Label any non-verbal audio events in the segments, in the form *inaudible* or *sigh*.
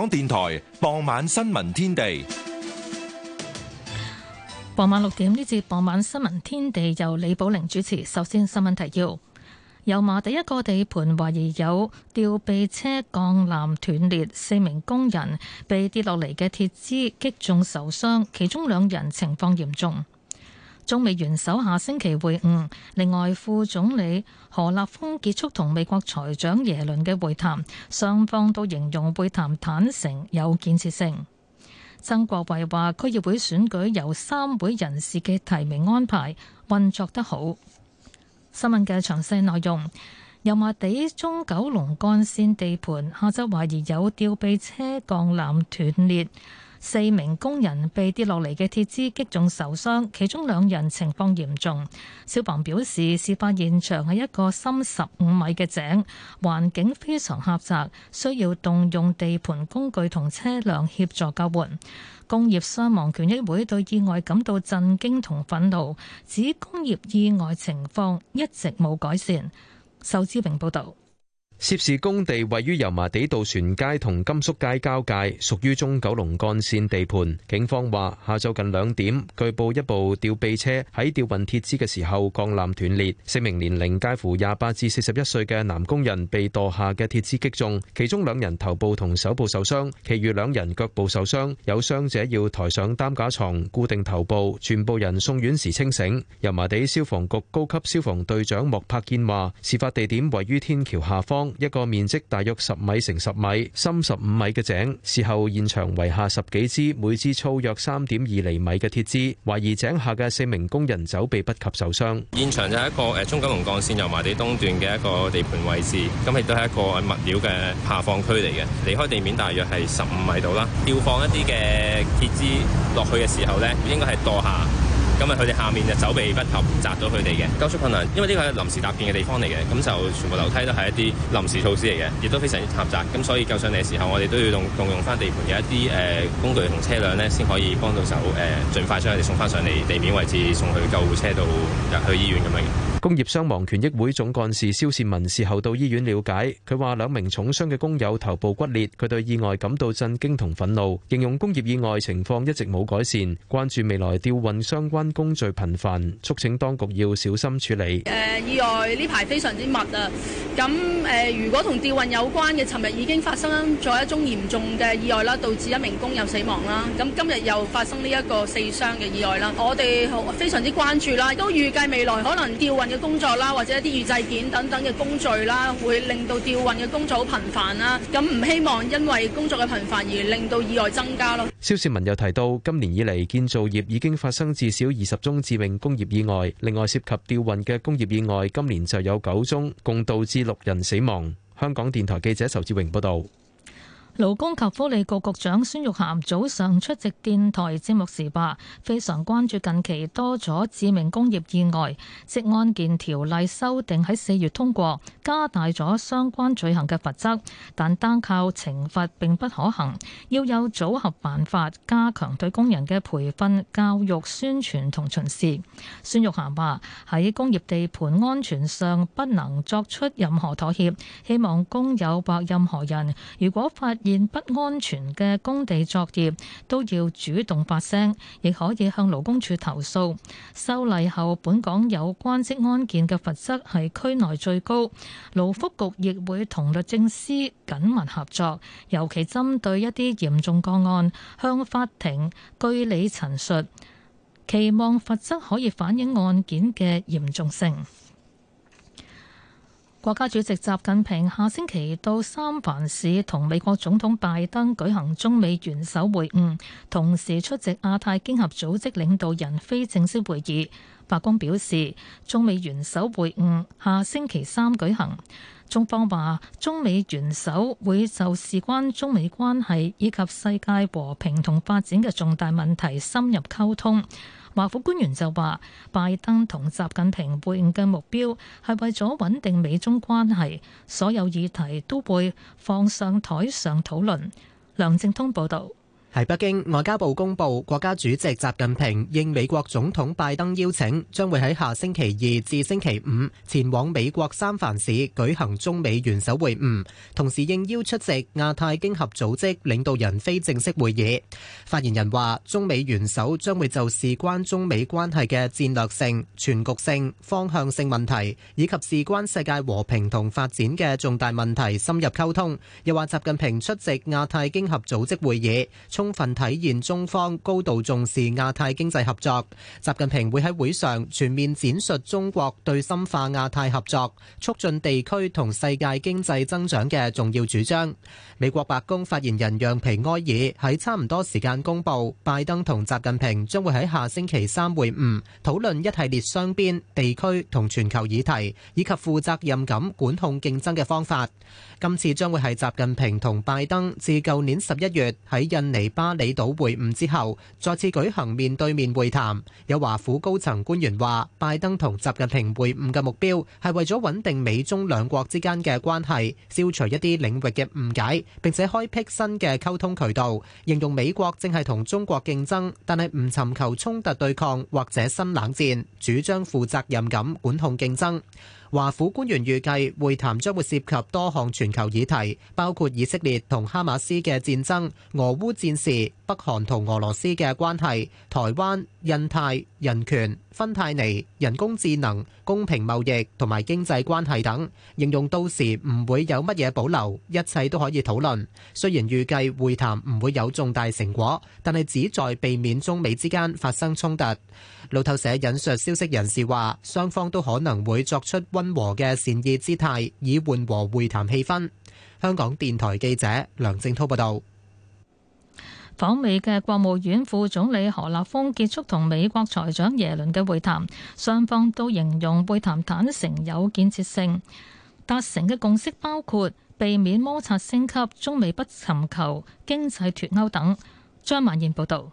港電台傍晚新聞天地，傍晚六點呢節傍晚新聞天地由李寶玲主持。首先新聞提要：油麻地一個地盤懷疑有吊臂車鋼纜斷裂，四名工人被跌落嚟嘅鐵枝擊中受傷，其中兩人情況嚴重。中美元首下星期會晤，另外副總理何立峰結束同美國財長耶倫嘅會談，雙方都形容會談坦誠有建設性。曾國衛話區議會選舉由三會人士嘅提名安排運作得好。新聞嘅詳細內容，油麻地中九龍幹線地盤下周懷疑有吊臂車鋼纜斷裂。四名工人被跌落嚟嘅鐵枝擊中受傷，其中兩人情況嚴重。消防表示事發現場係一個深十五米嘅井，環境非常狹窄，需要動用地盤工具同車輛協助救援。工業傷亡權益會對意外感到震驚同憤怒，指工業意外情況一直冇改善。仇志榮報道。涉事工地位於油麻地渡船街同甘肅街交界，屬於中九龍幹線地盤。警方話，下晝近兩點，據報一部吊臂車喺吊運鐵枝嘅時候，鋼纜斷裂，四名年齡介乎廿八至四十一歲嘅男工人被墮下嘅鐵枝擊中，其中兩人頭部同手部受傷，其餘兩人腳部受傷，有傷者要抬上擔架床固定頭部，全部人送院時清醒。油麻地消防局高級消防隊長莫柏堅話，事發地點位於天橋下方，一個面積大約十米乘十米、深十五米嘅井，事後現場圍下十幾支，每支粗約三點二厘米嘅鐵枝，懷疑井下嘅四名工人走避不及受傷。現場就係一個誒，中九龍幹線油麻地東段嘅一個地盤位置，咁亦都係一個物料嘅下放區嚟嘅，離開地面大約係十五米度啦。吊放一啲嘅鐵枝落去嘅時候呢，應該係墮下。咁啊，佢哋下面就走避不及，砸到佢哋嘅救出困難。因為呢個係臨時搭建嘅地方嚟嘅，咁就全部樓梯都係一啲臨時措施嚟嘅，亦都非常之狹窄。咁所以救上嚟嘅時候，我哋都要用動用翻地盤嘅一啲誒、呃、工具同車輛咧，先可以幫到手誒、呃，盡快將佢哋送翻上嚟地面位置，送去救護車度入去醫院咁樣。工業傷亡權益會總幹事蕭善文事後到醫院了解，佢話兩名重傷嘅工友頭部嘅工作啦，或者一啲預製件等等嘅工序啦，會令到調運嘅工作好頻繁，咁唔希望因為工作嘅頻繁而令到意外增加。蕭志文又提到今年以嚟建造業已經發生至少勞工及福利局局長孫玉菡早上出席電台節目時話，非常關注近期多咗致命工業意外，職安健條例修訂喺四月通過，加大咗相關罪行嘅罰則，但單靠懲罰並不可行，要有組合辦法加強對工人嘅培訓、教育、宣傳同巡視。孫玉菡話喺工業地盤安全上不能作出任何妥協，希望工友或任何人如果發現現不安全嘅工地作業都要主動發聲，亦可以向勞工處投訴。修例後，本港有關職安健嘅罰則係區內最高。勞福局亦會同律政司緊密合作，尤其針對一啲嚴重個案，向法庭據理陳述，期望罰則可以反映案件嘅嚴重性。國家主席習近平下星期到三藩市同美國總統拜登舉行中美元首會晤，同時出席亞太經合組織領導人非正式會議。白宮表示，中美元首會晤下星期三舉行。中方話，中美元首會就事關中美關係以及世界和平同發展嘅重大問題深入溝通。華府官員就話，拜登同習近平會晤嘅目標係為咗穩定美中關係，所有議題都會放上台上討論。梁正通報導。喺北京，外交部公布，國家主席習近平應美國總統拜登邀請，將會喺下星期二至星期五前往美國三藩市舉行中美元首會晤，同時應邀出席亞太經合組織領導人非正式會議。發言人話，中美元首將會就事關中美關係嘅戰略性、全局性、方向性問題，以及事關世界和平同發展嘅重大問題深入溝通。又話，習近平出席亞太經合組織會議。充分體現中方高度重視亞太經濟合作。習近平會喺會上全面展述中國對深化亞太合作、促進地區同世界經濟增長嘅重要主張。美國白宮發言人讓皮埃爾喺差唔多時間公佈，拜登同習近平將會喺下星期三會晤，討論一系列雙邊、地區同全球議題，以及負責任感管控競爭嘅方法。今次將會係習近平同拜登自舊年十一月喺印尼，巴厘島會晤之後，再次舉行面對面會談。有華府高層官員話，拜登同習近平會晤嘅目標係為咗穩定美中兩國之間嘅關係，消除一啲領域嘅誤解，並且開闢新嘅溝通渠道。形容美國正係同中國競爭，但係唔尋求衝突對抗或者新冷戰，主張負責任咁管控競爭。華府官員預計會談將會涉及多項全球議題，包括以色列同哈馬斯嘅戰爭、俄烏戰。時北韓同俄羅斯嘅關係、台灣、印太、人權、芬太尼、人工智能、公平貿易同埋經濟關係等應用，到時唔會有乜嘢保留，一切都可以討論。雖然預計會談唔會有重大成果，但係旨在避免中美之間發生衝突。路透社引述消息人士話，雙方都可能會作出溫和嘅善意姿態，以緩和會談氣氛。香港電台記者梁正滔報導。訪美嘅國務院副總理何立峰，結束同美國財長耶倫嘅會談，雙方都形容會談坦誠有建設性，達成嘅共識包括避免摩擦升級、中美不尋求經濟脫鈎等。張曼燕報道。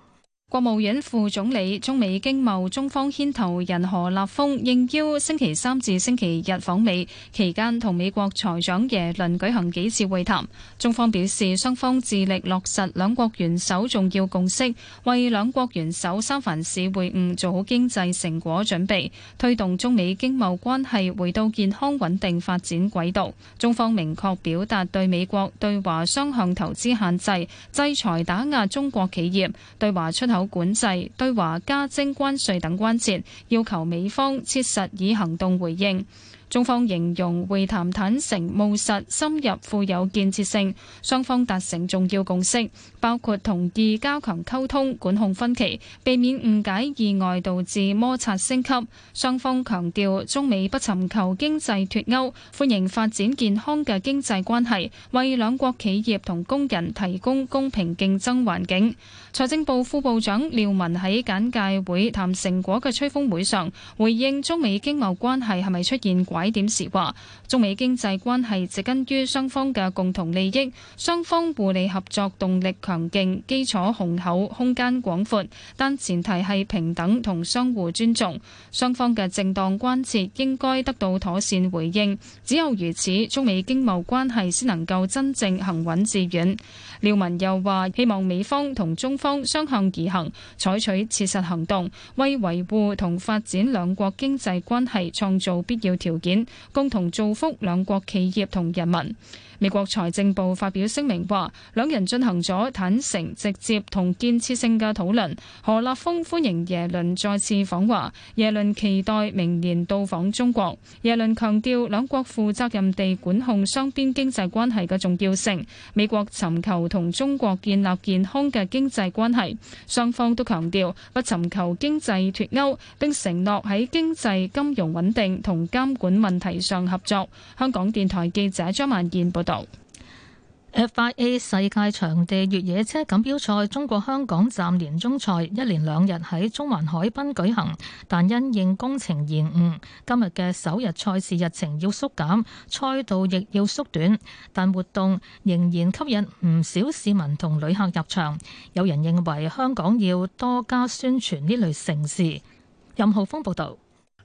國務院副總理、中美經貿中方牽頭人何立峰應邀星期三至星期日訪美，期間同美國財長耶倫舉行幾次會談。中方表示，雙方致力落實兩國元首重要共識，為兩國元首三藩市會晤做好經濟成果準備，推動中美經貿關係回到健康穩定發展軌道。中方明確表達對美國對華雙向投資限制、制裁打壓中國企業、對華出口有管制、對華加徵關稅等關切，要求美方切實以行動回應。中方形容會談坦誠、務實、深入富有建設性，雙方達成重要共識，包括同意加強溝通、管控分歧、避免誤解意外導致摩擦升級。雙方強調中美不尋求經濟脫鈎，歡迎發展健康嘅經濟關係，為兩國企業同工人提供公平競爭環境。財政部副部長廖文喺簡介會談成果嘅吹風會上，回應中美經貿關係係咪出現拐點時話，中美經濟關係植根於雙方嘅共同利益，雙方互利合作動力強勁，基礎雄厚，空間廣闊。但前提係平等同相互尊重，雙方嘅正當關切應該得到妥善回應。只有如此，中美經貿關係先能夠真正行穩致遠。廖文又話，希望美方同中方相向而行，採取切實行動，為維護同發展兩國經濟關係創造必要條件。共同造福兩國企業同人民。美國財政部發表聲明話，兩人進行咗坦誠、直接同建設性嘅討論，何立峰歡迎耶倫再次訪華，耶倫期待明年到訪中國，耶倫強調兩國負責任地管控雙邊經濟關係嘅重要性，美國尋求同中國建立健康嘅經濟關係，雙方都強調，FIA 世界場地越野車錦標賽中國香港站年終賽一連兩日喺中環海濱舉行，但因應工程延誤，今日嘅首日賽事日程要縮減，賽道亦要縮短，但活動仍然吸引唔少市民同旅客入場。有人認為香港要多加宣傳呢類城市。任浩峰報道。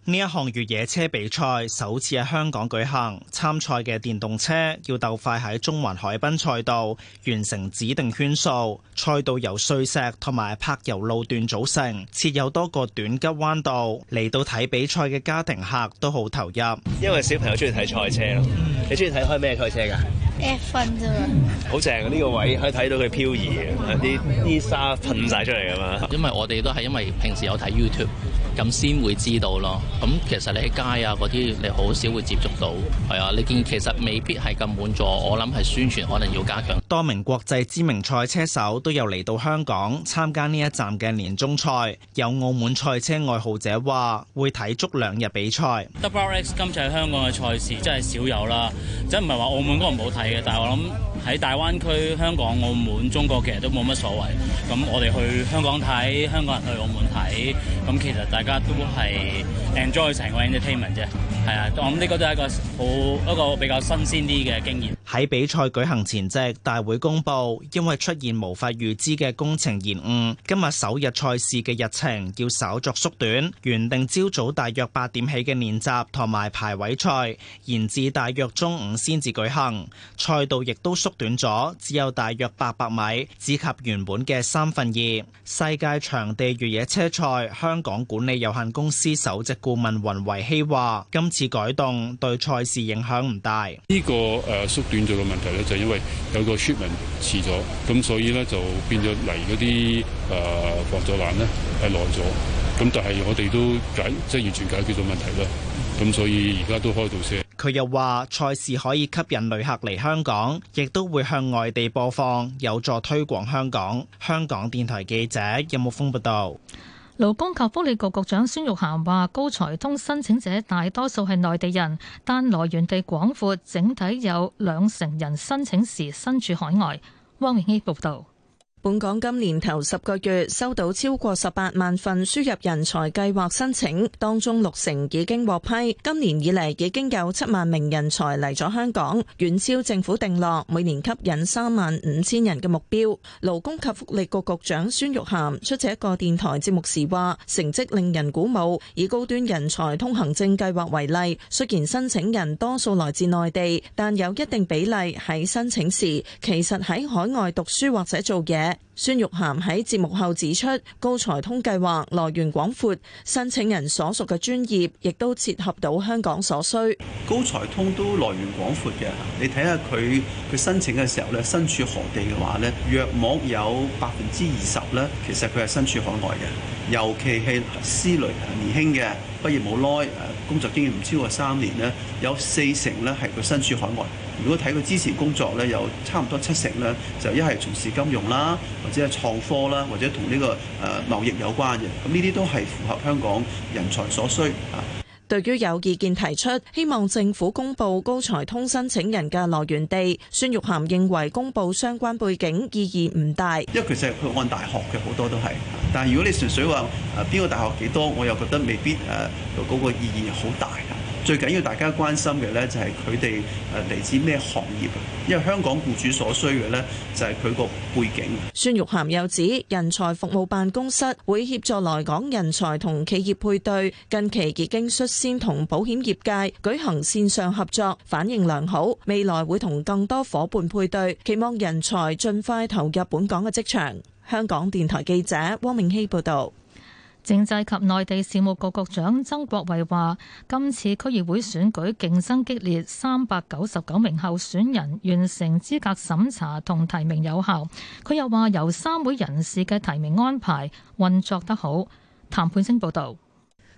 呢一項越野車比賽首次喺香港舉行，參賽嘅電動車要鬥快喺中環海濱賽道完成指定圈數。賽道由碎石同埋柏油路段組成，設有多個短急彎道。嚟到睇比賽嘅家庭客都好投入，因為小朋友中意睇賽車咯。你中意睇開咩賽車噶？F1 啫嘛。好正，呢個位可以睇到佢漂移，啲啲 *laughs* 沙噴晒出嚟噶嘛。因為我哋都係因為平時有睇 YouTube。咁先會知道咯。咁其實你喺街啊嗰啲，你好少會接觸到，係啊。你見其實未必係咁滿座。我諗係宣傳可能要加強。多名國際知名賽車手都有嚟到香港參加呢一站嘅年終賽。有澳門賽車愛好者話會睇足兩日比賽。WRX 今次喺香港嘅賽事真係少有啦，即係唔係話澳門嗰個唔好睇嘅，但係我諗。喺大灣區、香港、澳門、中國其實都冇乜所謂，咁我哋去香港睇香港人，去澳門睇，咁其實大家都係 enjoy 成個 entertainment 啫。係啊，我諗呢個都係一個好一個比較新鮮啲嘅經驗。喺比賽舉行前夕，大會公布，因為出現無法預知嘅工程延誤，今日首日賽事嘅日程要稍作縮短，原定朝早大約八點起嘅練習同埋排位賽延至大約中午先至舉行。賽道亦都縮短咗，只有大約八百米，只及原本嘅三分二。世界場地越野車賽香港管理有限公司首席顧問雲維希話，今次改動對賽事影響唔大。呢個誒縮短咗嘅問題咧，就係因為有個 statement 遲咗，咁所以咧就變咗嚟嗰啲誒防阻欄咧係耐咗。咁但係我哋都解，即係完全解決咗問題啦。咁所以而家都開到車。佢又話賽事可以吸引旅客嚟香港，亦都會向外地播放，有助推廣香港。香港電台記者任木峰報道。勞工及福利局局，局長孫玉菡話：高才通申請者大多數係內地人，但來源地廣闊，整體有兩成人申請時身處海外。汪永熙報道。本港今年頭十個月收到超過十八萬份輸入人才計劃申請，當中六成已經獲批。今年以嚟已經有七萬名人才嚟咗香港，遠超政府定落每年吸引三萬五千人嘅目標。勞工及福利局局，局長孫玉菡出席一個電台節目時話：成績令人鼓舞。以高端人才通行證計劃為例，雖然申請人多數來自內地，但有一定比例喺申請時其實喺海外讀書或者做嘢。孫玉菡喺節目後指出，高才通計劃來源廣闊，申請人所屬嘅專業亦都切合到香港所需。高才通都來源廣闊嘅，你睇下佢佢申請嘅時候咧，身處何地嘅話咧，約莫有百分之二十咧，其實佢係身處海外嘅，尤其係 C 類年輕嘅，畢業，冇耐。工作經驗唔超過三年咧，有四成咧係佢身處海外。如果睇佢之前工作咧，有差唔多七成咧，就一係從事金融啦，或者係創科啦，或者同呢個誒貿易有關嘅。咁呢啲都係符合香港人才所需啊。對於有意見提出希望政府公布高才通申請人嘅來源地，孫玉涵認為公布相關背景意義唔大，因為其實佢按大學嘅好多都係，但如果你純粹話誒邊個大學幾多，我又覺得未必誒嗰、啊嗰個意義好大。最緊要大家關心嘅呢，就係佢哋誒嚟自咩行業，因為香港僱主所需嘅呢，就係佢個背景。孫玉菡又指，人才服務辦公室會協助來港人才同企業配對，近期已經率先同保險業界舉行線上合作，反應良好，未來會同更多伙伴配對，期望人才盡快投入本港嘅職場。香港電台記者汪明希報道。政制及內地事務局局長曾國衞話：今次區議會選舉競爭激烈，三百九十九名候選人完成資格審查同提名有效。佢又話：由三會人士嘅提名安排運作得好。譚判星報導。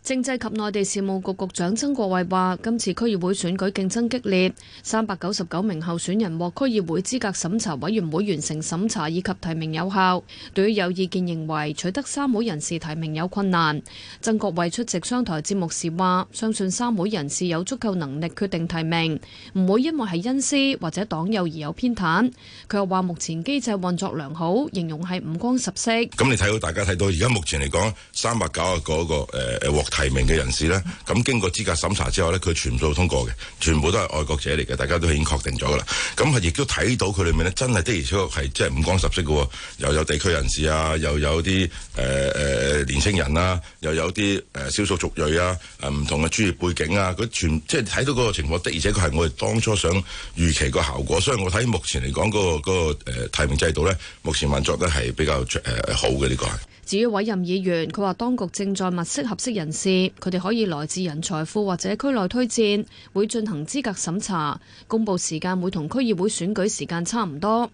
政制及內地事務局局長曾國衛話：今次區議會選舉競爭激烈，三百九十九名候選人獲區議會資格審查委員會完成審查以及提名有效。對於有意見認為取得三會人士提名有困難，曾國衛出席商台節目時話：相信三會人士有足夠能力決定提名，唔會因為係恩師或者黨友而有偏袒。佢又話：目前機制運作良好，形容係五光十色。咁你睇到大家睇到而家目前嚟講，三百九啊個個誒誒獲，提名嘅人士咧，咁經過資格審查之後咧，佢全部都通過嘅，全部都係愛國者嚟嘅，大家都已經確定咗噶啦。咁係亦都睇到佢裏面咧，真係的而且確係即係五光十色嘅，又有地區人士啊，又有啲誒、呃、年輕人啊，又有啲誒少數族裔啊，唔同嘅專業背景啊，佢全即係睇到嗰個情況，的而且確係我哋當初想預期個效果，所以我睇目前嚟講，嗰、那個嗰、那個呃、提名制度咧，目前運作得係比較誒好嘅呢、這個。至於委任議員，佢話當局正在物色合適人士，佢哋可以來自人才庫或者區內推薦，會進行資格審查，公佈時間會同區議會選舉時間差唔多。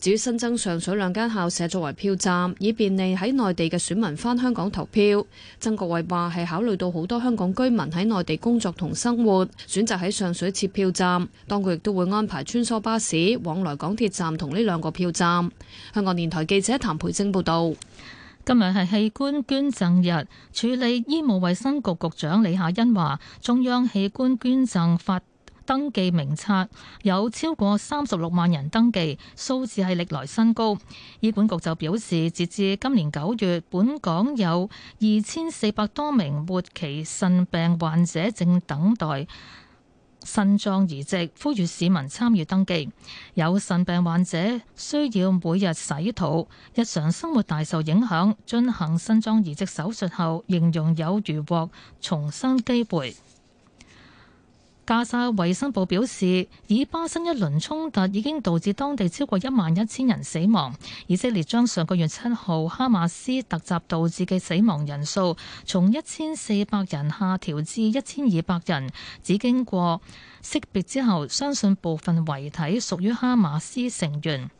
至於新增上水兩間校舍作為票站，以便利喺內地嘅選民返香港投票。曾國衞話係考慮到好多香港居民喺內地工作同生活，選擇喺上水設票站。當局亦都會安排穿梭巴士往來港鐵站同呢兩個票站。香港電台記者譚培晶報導。今日係器官捐贈日，處理醫務衛生局局長李夏茵話，中央器官捐贈法登記名冊有超過三十六萬人登記，數字係歷來新高。醫管局就表示，截至今年九月，本港有二千四百多名末期腎病患者正等待腎臟移植，呼籲市民參與登記。有腎病患者需要每日洗肚，日常生活大受影響。進行腎臟移植手術後，形容有如獲重生機會。加沙衛生部表示，以巴新一輪衝突已經導致當地超過一萬一千人死亡。以色列將上個月七號哈馬斯突襲導致嘅死亡人數從一千四百人下調至一千二百人，只經過識別之後，相信部分遺體屬於哈馬斯成員。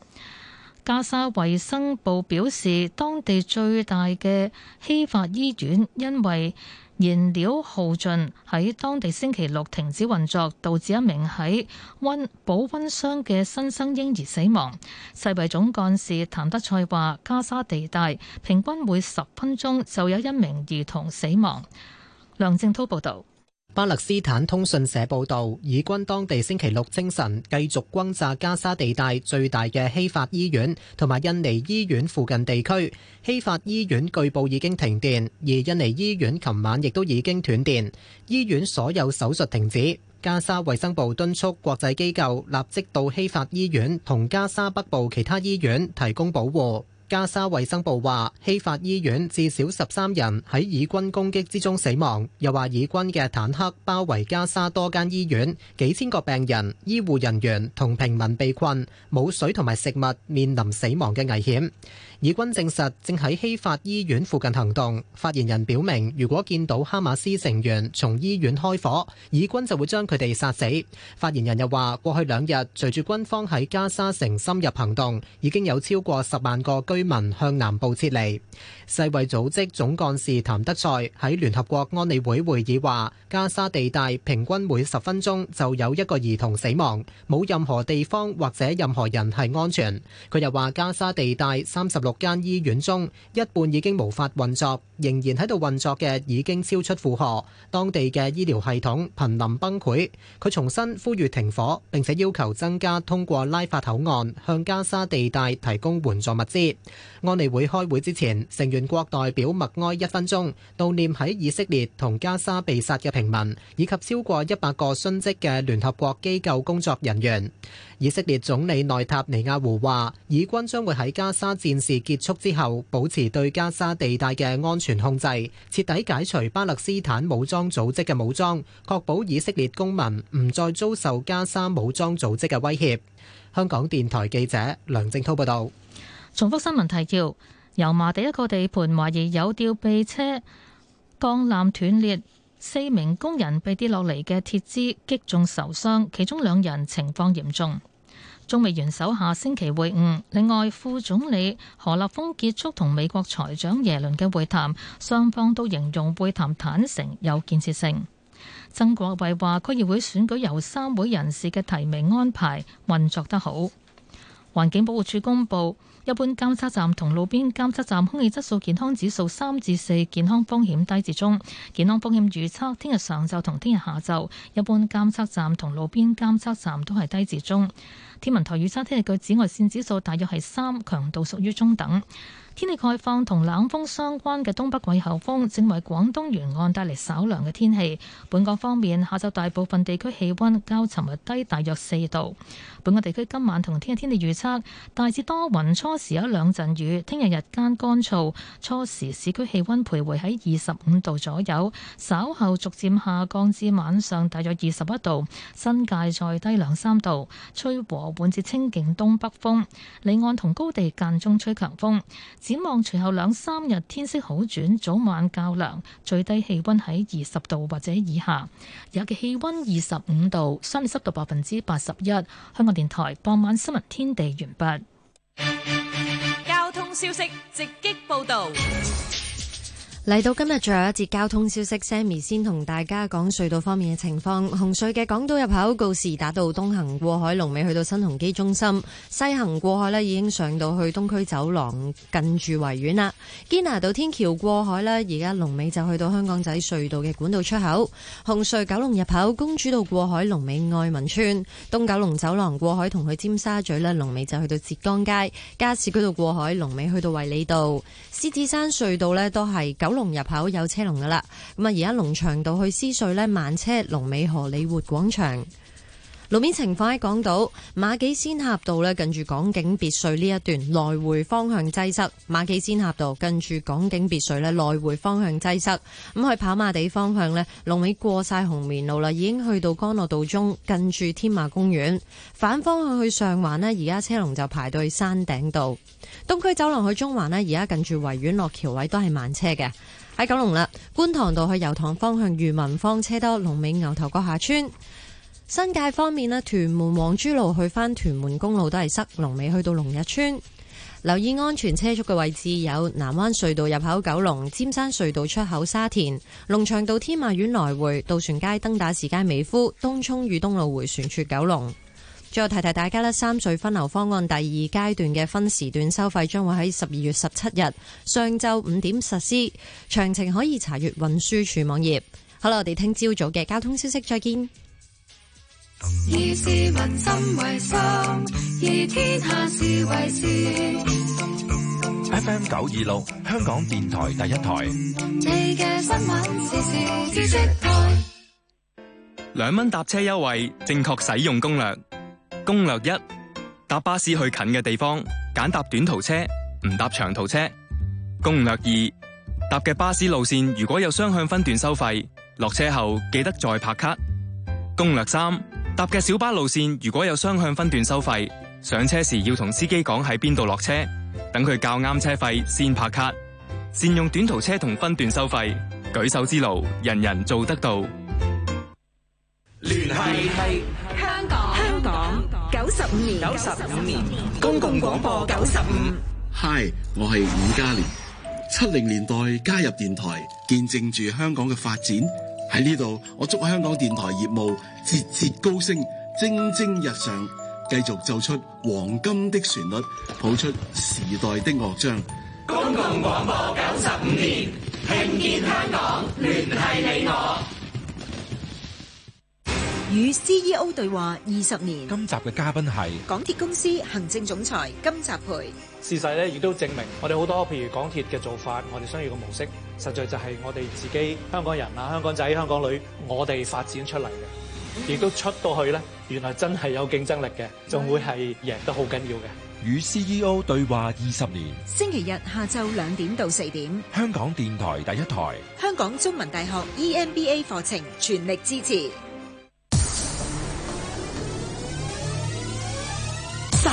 加沙衛生部表示，當地最大嘅希法醫院因為燃料耗盡，喺當地星期六停止運作，導致一名喺溫保溫箱嘅新生嬰兒死亡。世衛總幹事譚德塞話：加沙地帶，平均每十分鐘就有一名兒童死亡。梁正滔報導。巴勒斯坦通訊社報道，以軍當地星期六清晨繼續轟炸加沙地帶最大嘅希法醫院同埋印尼醫院附近地區。希法醫院據報已經停電，而印尼醫院琴晚亦都已經斷電，醫院所有手術停止。加沙衛生部敦促國際機構立即到希法醫院同加沙北部其他醫院提供保護。加沙衛生部話，希法醫院至少十三人喺以軍攻擊之中死亡。又話，以軍嘅坦克包圍加沙多間醫院，幾千個病人、醫護人員同平民被困，冇水同埋食物，面臨死亡嘅危險。以軍證實正喺希法醫院附近行動。發言人表明，如果見到哈馬斯成員從醫院開火，以軍就會將佢哋殺死。發言人又話，過去兩日隨住軍方喺加沙城深入行動，已經有超過十萬個居民向南部撤離。世衛組織總幹事譚德塞喺聯合國安理會會議話，加沙地帶平均每十分鐘就有一個兒童死亡，冇任何地方或者任何人係安全。佢又話，加沙地帶三十六間醫院中一半已經無法運作，仍然喺度運作嘅已經超出負荷，當地嘅醫療系統瀕臨崩潰。佢重新呼籲停火，並且要求增加通過拉法口岸向加沙地帶提供援助物資。安理會開會之前，成員國代表默哀一分鐘，悼念喺以色列同加沙被殺嘅平民，以及超過一百個殉職嘅聯合國機構工作人員。以色列總理內塔尼亞胡話，以軍將會喺加沙戰事結束之後，保持對加沙地帶嘅安全控制，徹底解除巴勒斯坦武裝組織嘅武裝，確保以色列公民唔再遭受加沙武裝組織嘅威脅。香港電台記者梁正濤報道。重複新聞提要：油麻地一個地盤懷疑有吊臂車鋼纜斷裂。四名工人被跌落嚟嘅鐵枝擊中受傷，其中兩人情況嚴重。中美元首下星期會晤，另外副總理何立峰結束同美國財長耶倫嘅會談，雙方都形容會談坦誠有建設性。曾國衛話，區議會選舉由三會人士嘅提名安排運作得好。環境保護署公佈。一般監測站同路邊監測站空氣質素健康指數三至四，健康風險低至中。健康風險預測聽日上晝同聽日下晝，一般監測站同路邊監測站都係低至中。天文台預測聽日嘅紫外線指數大約係三，強度屬於中等。天氣概況同冷鋒相關嘅東北季候風，正為廣東沿岸帶嚟稍涼嘅天氣。本港方面，下晝大部分地區氣溫較尋日低大約四度。本港地區今晚同聽日天氣預測大致多雲，初時有一兩陣雨。聽日日間乾燥，初時市區氣溫徘徊喺二十五度左右，稍後逐漸下降至晚上大約二十一度，新界再低兩三度，吹和緩至清勁東北風，離岸同高地間中吹強風。展望隨後兩三日天色好轉，早晚較涼，最低氣溫喺二十度或者以下，有嘅氣溫二十五度，相對濕度百分之八十一。香港電台傍晚新聞天地完畢。交通消息直擊報道。嚟到今日，仲有一節交通消息。Sammy 先同大家講隧道方面嘅情況。紅隧嘅港島入口告士打道東行過海龍尾去到新鴻基中心，西行過海呢已經上到去東區走廊近住維園啦。堅拿道天橋過海呢而家龍尾就去到香港仔隧道嘅管道出口。紅隧九龍入口公主道過海龍尾愛民村，東九龍走廊過海同去尖沙咀呢龍尾就去到浙江街。加士居道過海龍尾去到維里道。獅子山隧道呢都係九龍入口有車龍噶啦，咁啊而家龍翔道去獅隧咧慢車，龍尾荷里活廣場。路面情況喺港島馬己仙峽道呢，近住港景別墅呢，一段來回方向擠塞；馬己仙峽道近住港景別墅呢，來回方向擠塞。咁去跑馬地方向呢，龍尾過晒紅棉路啦，已經去到干諾道中，近住天馬公園。反方向去上環呢，而家車龍就排到山頂道。東區走廊去中環呢，而家近住維園落橋位都係慢車嘅，喺九龍啦。觀塘道去油塘方向裕民坊車多，龍尾牛頭角下村。新界方面咧，屯門黃珠路去返屯門公路都係塞，龍尾去到龍日村。留意安全車速嘅位置有南灣隧道入口九龍、九龍尖山隧道出口、沙田龍翔道天馬苑來回、渡船街登打士街美孚、東涌與東路回旋處、九龍。最後提提大家咧，三隧分流方案第二階段嘅分時段收費將會喺十二月十七日上晝五點實施，詳情可以查閱運輸署網頁。好啦，我哋聽朝早嘅交通消息，再見。心，以天下事為先 F.M. 九二六，香港電台第一台。兩蚊搭車優惠，正確使用攻略。攻略一：搭巴士去近嘅地方，揀搭短途車，唔搭長途車。攻略二：搭嘅巴士路線如果有雙向分段收費，落車後記得再拍卡。攻略三。搭嘅小巴路綫如果有雙向分段收費，上車時要同司機講喺邊度落車，等佢較啱車費先拍卡。善用短途車同分段收費，舉手之勞，人人做得到。聯繫系香港香港九十五年九十五年,年,年公共廣播九十五。Hi，我係伍嘉廉，七零年代加入電台，見證住香港嘅發展。喺呢度，我祝香港電台業務節節高升，蒸蒸日上，繼續奏出黃金的旋律，譜出時代的樂章。公共廣播九十五年，聽見香港，聯繫你我。與 CEO 對話二十年，今集嘅嘉賓係港鐵公司行政總裁金澤培。事實咧亦都證明，我哋好多譬如港鐵嘅做法，我哋商業嘅模式，實在就係我哋自己香港人啊，香港仔、香港女，我哋發展出嚟嘅，亦、嗯、都出到去咧，原來真係有競爭力嘅，仲會係贏得好緊要嘅。與 CEO 對話二十年，星期日下晝兩點到四點，香港電台第一台，香港中文大學 EMBA 課程全力支持。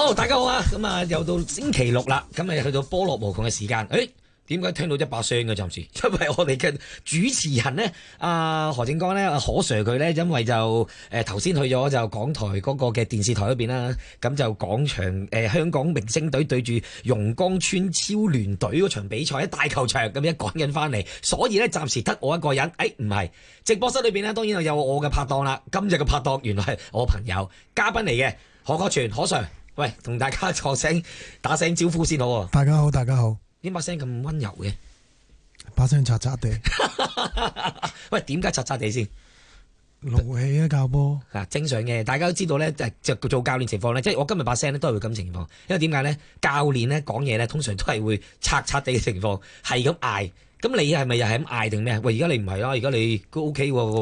好，大家好啊！咁啊，又到星期六啦，咁咪去到波落無窮嘅時間。誒、哎，點解聽到一把聲嘅？暫時，因為我哋嘅主持人呢阿、啊、何正剛咧，可 Sir 佢呢因為就誒頭先去咗就港台嗰個嘅電視台嗰邊啦，咁就廣場誒、呃、香港明星隊對住榕江村超聯隊嗰場比賽，喺大球場咁樣趕緊翻嚟，所以呢暫時得我一個人。誒、哎，唔係直播室裏邊呢當然又有我嘅拍檔啦。今日嘅拍檔原來係我朋友嘉賓嚟嘅何國全，可 Sir。喂，同大家坐聲打聲招呼先好啊！大家好，大家好。點把聲咁溫柔嘅？把聲嘈嘈地。喂，點解嘈嘈地先？怒氣啊，教波。啊，正常嘅，大家都知道咧，就做做教練情況咧，即係我今日把聲咧都係會咁情況。因為點解咧？教練咧講嘢咧，通常都係會嘈嘈地嘅情況，係咁嗌。咁你係咪又係咁嗌定咩啊？喂，而家你唔係咯，而家你都 OK 喎。